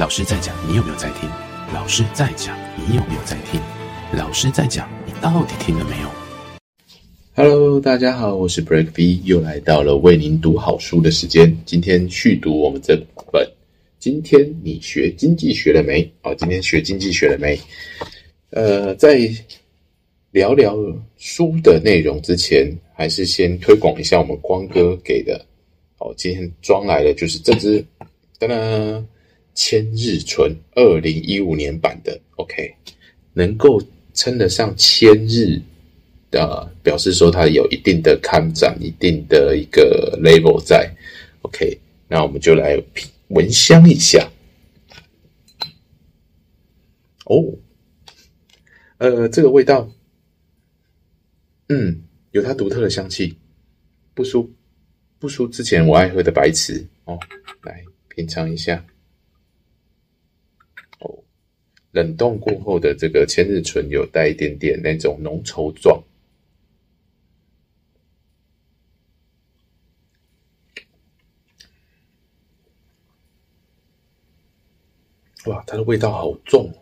老師在講，你有沒有在聽？老師在講，你有沒有在聽？老師在講，你到底聽了沒有？Hello，大家好，我是 Break V，又來到了為您讀好書的時間。今天續讀我們這本。今天你學經濟學了沒？哦，今天學經濟學了沒？呃，在聊聊書的內容之前，還是先推廣一下我們光哥給的。哦，今天裝來的就是這支，噔噔。千日醇二零一五年版的，OK，能夠稱得上千日的，呃，表示說它有一定的看漲，一定的一個 level 在，OK，那我們就來聞香一下。哦，呃，這個味道，嗯，有它獨特的香氣，不輸不輸之前我愛喝的白瓷哦，來品嘗一下。冷凍過後的這個千日醇有帶一點點那種濃稠狀，哇，它的味道好重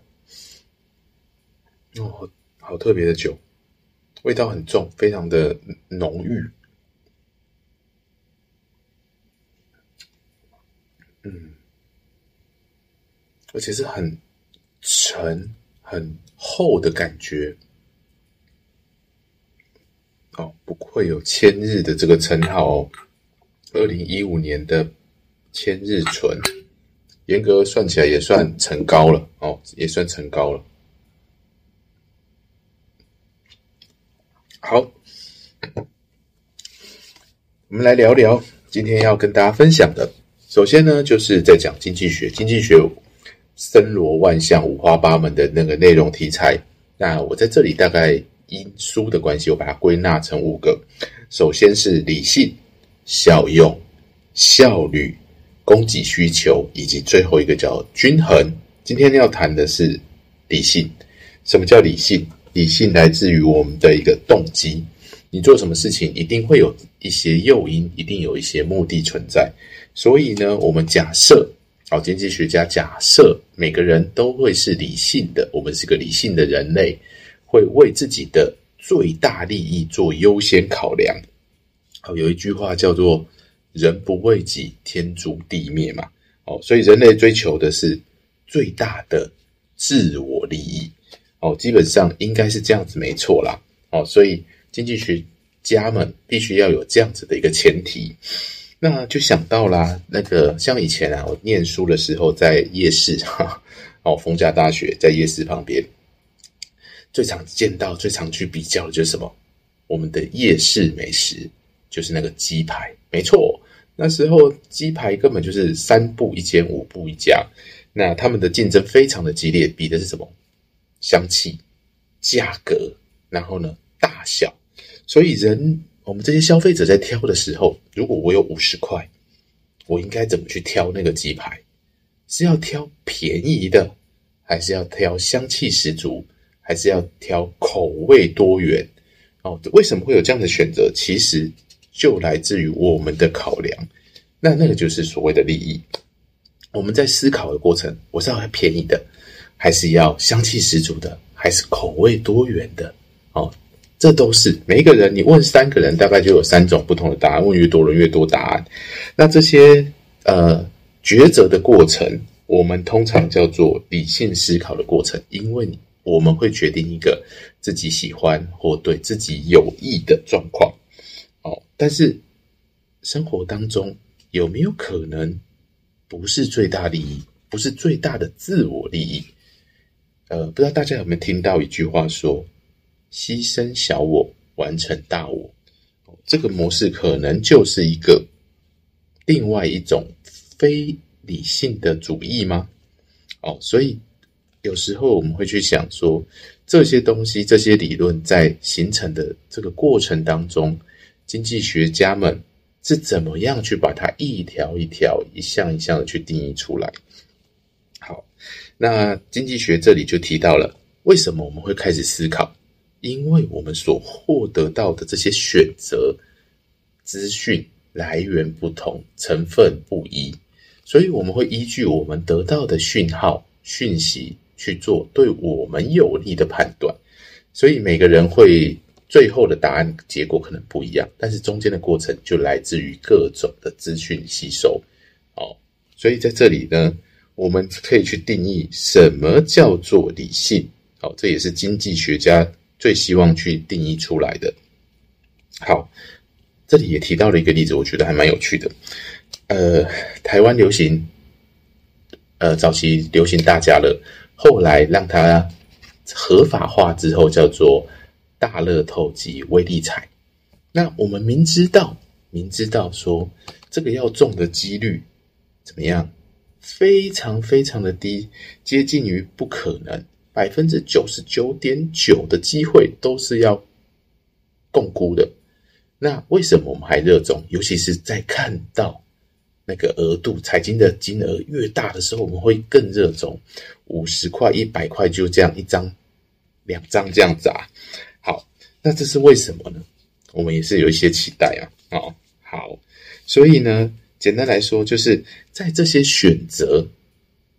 哦，哦好好，好特別的酒，味道很重，非常的濃郁，嗯，而且是很。醇很厚的感覺哦，不愧有千日的這個稱號哦。二零一五年的千日醇，嚴格算起來也算陳高了哦，也算陳高了。好，我們來聊聊今天要跟大家分享的。首先呢，就是在講經濟學，經濟學。森羅萬象、五花八門的那個內容題材，那我在這裡大概因書的關係，我把它歸納成五個。首先是理性、效用、效率、供給需求，以及最後一個叫均衡。今天要談的是理性。什麼叫理性？理性來自於我們的一個動機。你做什麼事情，一定會有一些誘因，一定有一些目的存在。所以呢，我們假設。好，經濟學家假設每個人都會是理性的，我們是個理性的人類，會為自己的最大利益做優先考量。好，有一句話叫做“人不為己，天誅地滅”嘛。哦，所以人類追求的是最大的自我利益。哦，基本上應該是這樣子，沒錯啦。哦，所以經濟學家們必須要有這樣子的一個前提。那就想到啦，那個像以前啊，我念書的時候在夜市哈，哦，逢甲大學在夜市旁邊，最常見到、最常去比較的就是什麼？我們的夜市美食就是那個雞排，沒錯，那時候雞排根本就是三步一間、五步一家，那他們的競爭非常的激烈，比的是什麼？香氣、價格，然後呢，大小，所以人。我們這些消費者在挑的時候，如果我有五十塊，我應該怎麼去挑那個雞排？是要挑便宜的，還是要挑香氣十足，還是要挑口味多元？哦，為什麼會有這樣的選擇？其實就來自於我們的考量。那那個就是所謂的利益。我們在思考的過程，我是要便宜的，還是要香氣十足的，還是口味多元的？哦。這都是每一個人，你問三個人，大概就有三種不同的答案。問越多，人越多答案。那這些呃抉擇的過程，我們通常叫做理性思考的過程，因為我們會決定一個自己喜歡或對自己有益的狀況。哦，但是生活當中有沒有可能不是最大利益，不是最大的自我利益？呃，不知道大家有沒有聽到一句話說，犧牲小我，完成大我，這個模式可能就是一個另外一種非理性的主義嗎？哦，所以有時候我們會去想說，這些東西、這些理論在形成的這個過程當中，經濟學家們是怎麼樣去把它一條一條、一項一項的去定義出來。好，那經濟學這裡就提到了為什麼我們會開始思考？因為我們所獲得到的這些選擇資訊來源不同，成分不一，所以我們會依據我們得到的訊號、訊息去做對我們有利的判斷。所以每個人會最後的答案結果可能不一樣，但是中間的過程就來自於各種的資訊吸收。哦，所以在這裡呢，我們可以去定義什麼叫做理性。哦，這也是經濟學家。最希望去定義出來的。好，這裡也提到了一個例子，我覺得還蠻有趣的。呃，台灣流行，呃，早期流行大家樂，後來讓它合法化之後叫做大樂透及威力彩。那我們明知道，明知道說這個要中的幾率怎麼樣，非常非常的低，接近於不可能。百分之九十九點九的機會都是要共估的，那為什麼我們還熱衷？尤其是在看到那個額度、財經的金額越大的時候，我們會更熱衷五十塊、一百塊就這樣一張、兩張這樣子啊。好，那這是為什麼呢？我們也是有一些期待啊。好，好，所以呢，簡單來說，就是在這些選擇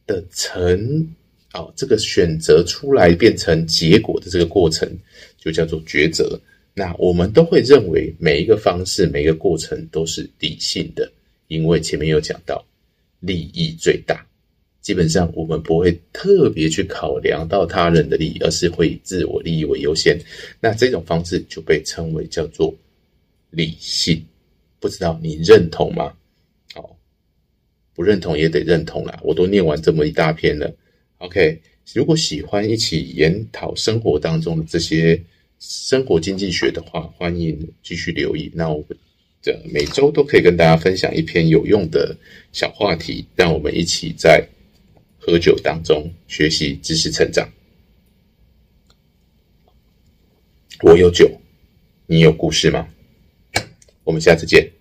的成。好、哦，這個選擇出來變成結果的這個過程，就叫做抉擇。那我們都會認為每一個方式、每一個過程都是理性的，因為前面有講到利益最大。基本上我們不會特別去考量到他人的利益，而是會以自我利益為優先。那這種方式就被稱為叫做理性。不知道你認同嗎？好、哦，不認同也得認同啦，我都念完這麼一大篇了。OK，如果喜歡一起研討生活當中的這些生活經濟學的話，歡迎繼續留意。那我們這每周都可以跟大家分享一篇有用的小話題，讓我們一起在喝酒當中學習知識成長。我有酒，你有故事嗎？我們下次見。